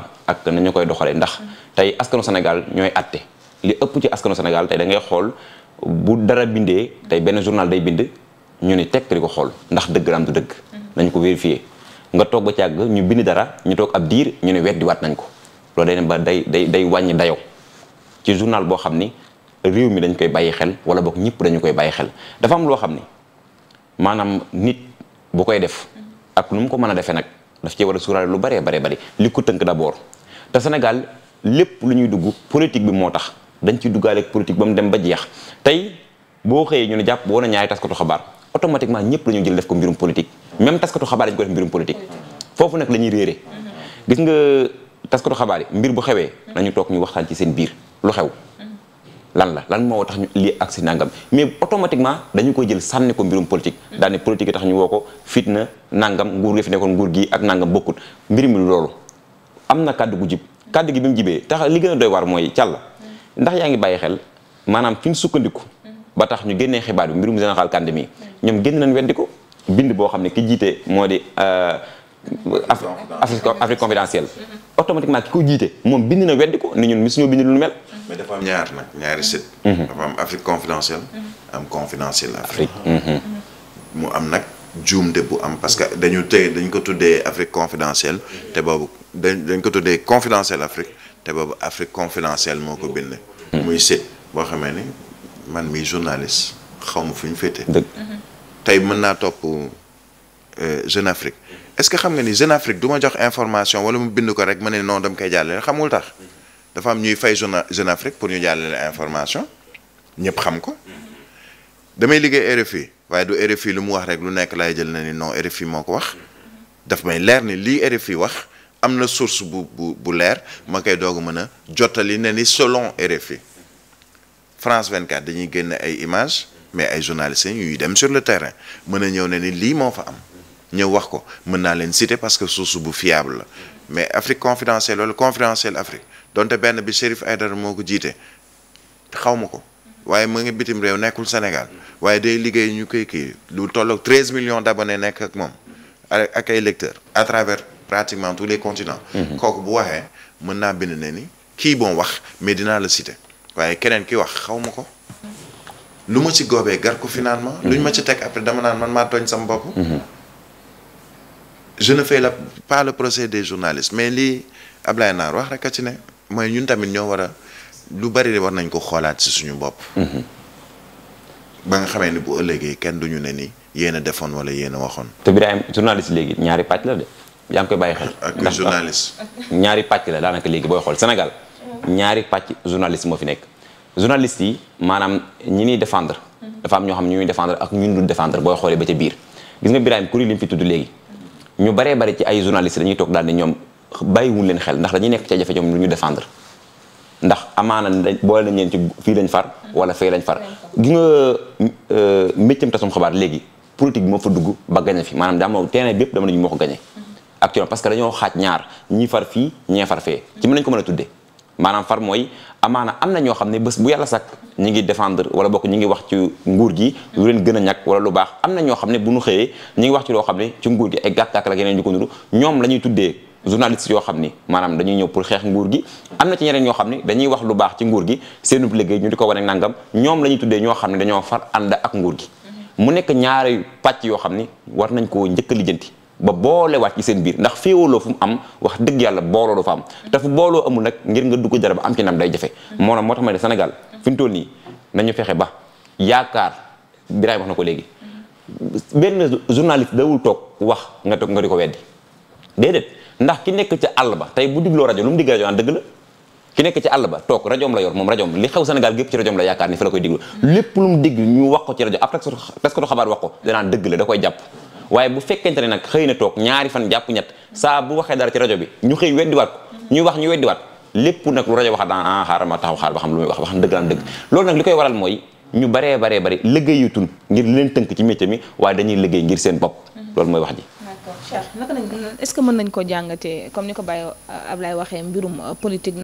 ak nañu koy doxalee ndax tey askanu Sénégal ñooy atte li ëpp ci askanu Sénégal tey da ngay xool bu dara bindee tey benn journal day bind ñu ni tekk di ko xool ndax dëgg la am du dëgg nañ ko vérifier nga toog ba càgg ñu bind dara ñu toog ab diir ñu ne weddiwaat nañ ko loolu day ba day day day wàññi dayoo ci journal boo xam ni réew mi dañ koy bàyyi xel wala boog ñëpp dañu koy bàyyi xel dafa am loo xam ni maanaam nit bu koy def ak nu mu ko mën a defee nag daf cee war a suuraale lu baree baree bari li ko tënk d'abord te Sénégal lépp lu ñuy dugg politique bi moo tax dañ ciy duggaale ak ba mu dem ba jeex tey boo xëyee ñu ne jàpp woon na ñaari taskatu xabaar automatiquement ñëpp la ñuy jël def ko mbirum politique même taskatu xabaar dañ ko def mbirum politique foofu nag la ñuy réere mm-hmm. gis nga taskatu xabaar yi mbir bu xewee nañu toog ñu waxtaan ci seen biir lu xew mm-hmm. lan la lan moo tax ñu lii ak si nangam mais automatiquement dañu koy jël sànni ko mbirum politique mm. daane politique yi tax ñu woo ko fitna nangam nguur gi fi nekkoon nguur gi ak nangam bokkut mbir mi loolu am na kàddu gu jib kàddu gi bi mu jibee tax li gën a doy waar mooy càll mm. ndax yaa ngi bàyyi xel maanaam fi ñu sukkandiku mm. ba tax ñu génnee xibaar bi mbirum général Kandé mi ñoom génn nañ weddi bind boo xam ne ki jiite moo di euh, Afrique Afrique confidentielle automatiquement ki ko jiite moom bind na weddi ko ni ñun misuñoo bind lu mel. mais dafa am ñaar nag ñaari site. Mhm. dafa am Afrique confidentielle. am confidentielle Afrique. Mhm. mu am nag juumte bu am parce que dañu tey dañ ko tuddee Afrique confidentielle te boobu dañ dañ ko tuddee confidentielle Afrique te boobu Afrique confidentielle moo ko bind. Mhm. muy site boo xamee ni man mii journaliste xaw ma fu ñu féete. tey mën naa topp. Euh, Jeune Afrique est-ce que xam nga ni Jeune Afrique jox information wala mu bind ko rek ma ne non dama koy jàllale xamul tax dafa am ñuy fay Jeune pour ñu jàllale information ñëpp xam ko damay liggéey RFI waaye du RFI lu mu wax rek lu nekk laay jël na ni non RFI moo ko wax daf may leer ni lii RFI wax am na source bu bu bu leer ma koy doog mën a jottali ne ni selon RFI France 24 dañuy génn ay images mais ay journalistes yuy dem sur le terrain mën a ñëw ne ni lii moo fa am. ñëw wax ko mën naa leen citer parce que source bu fiable la mais Afrique confidentielle loolu confidentielle Afrique donte benn bi Chérif Aïdara moo ko jiite xaw ma ko waaye mu ngi bitim réew nekkul Sénégal waaye day liggéey ñu koy kii lu tolloog 13 millions d'abonnés nekk ak moom ak ay à travers pratiquement tous les continents mhm. kooku bu waxee mën naa bind ne ni kii bon wax mais dinaa la citer waaye keneen ki wax xaw ma ko lu ma ci goobee gar ko lu mhm. luñ ma ci teg après dama naan man maa tooñ sama bopp mhm. je ne la pas le procès des journalistes mais lii Ablaye Naar wax rek a ci ne mooy ñun tamit ñoo war a lu bari war nañ ko xoolaat ci suñu bopp. Mhm. ba nga xamee ni bu ëllëgee kenn duñu ne nii yéen a defoon wala yéen a waxoon. te Birahim journaliste léegi ñaari pàcc la de yaa ngi koy bàyyi xel. ak journaliste ñaari pàcc la daanaka léegi booy xool Sénégal ñaari pàcc journaliste moo fi nekk journaliste yi maanaam ñi ñuy défendre. Mhm. dafa am ñoo xam ñu ñuy défendre ak ñun du défendre boo xoolee ba ca biir gis nga Birahim kuréel yi mu fi tudd léegi. ñu baree bari ci ay journalistes dañuy toog daal ne ñoom bàyyiwuñ leen xel ndax dañuy nekk ci jafe ñoom lu ñu défendre ndax amaana boole nañ ci fii lañ far wala fee lañ far gi nga euh, méccam tasum xabaar léegi politique bi moo fa dugg ba gañe fi maanaam dama terrain bépp dama nañu moo ko gañe mhm. actuellement parce que dañoo xaaj ñaar ñii far fii ñee far fee ci mën nañ ko mën a tuddee maanaam far mooy amaana am na ñoo xam ne bés bu yàlla sakk ñi ngi défendre wala bokk ñi ngi wax ci nguur gi lu leen gën a ñàkk wala lu baax am na ñoo xam ne bu ñu xëyee ñi ngi wax ci loo xam ne ci nguur gi ay gàttaak la yeneen ñu ko nuru ñoom la tuddee journaliste yoo xam ni maanaam dañuy ñëw pour xeex nguur gi am na ci ñeneen ñoo xam ne dañuy wax lu baax ci nguur gi seen liggéey ñu di ko war wane nangam ñoom lañuy ñuy tuddee ñoo xam ne dañoo far ànd ak nguur gi mu nekk ñaari pàcc yoo xam ni war nañ ko njëkk a lijjanti ba boolewaat ci seen biir ndax féewaloo fu mu am wax dëgg yàlla booloo du fa am te fu booloo amul nag ngir nga dugg dara ba am ci nam day jafe moo tax moo tax ma ne fi mu toll nii nañu fexe ba yaakaar Birahim wax na ko léegi benn journaliste dawul toog wax nga toog nga di ko weddi déedéet ndax ki nekk ci àll lu mu digg rajo naan dëgg la ki nekk ci àll ba toog rajoom la yor moom rajoom li xew Sénégal gépp ci rajoom la yaakaar ni fa koy diglu lépp lu digg ñu wax ko ci rajo après taskatu xabaar wax ko danaan dëgg la da koy jàpp waaye bu fekkente ne nag xëy na toog ñaari fan jàpp ñett saa bu waxee dara ci rajo bi ñu xëy weddiwaat ko ñuy wax ñu weddiwaat lépp nag lu rajo wax ah, xam dëgg la dëgg loolu nag li koy waral mooy ñu baree baree bari liggéeyutul ngir leen tënk ci métier mi waaye dañuy liggéey ngir seen bopp mm-hmm. loolu mooy wax ji est que mën nañ ko jàngatee comme ni ko Baye Ablaye waxee mbirum politique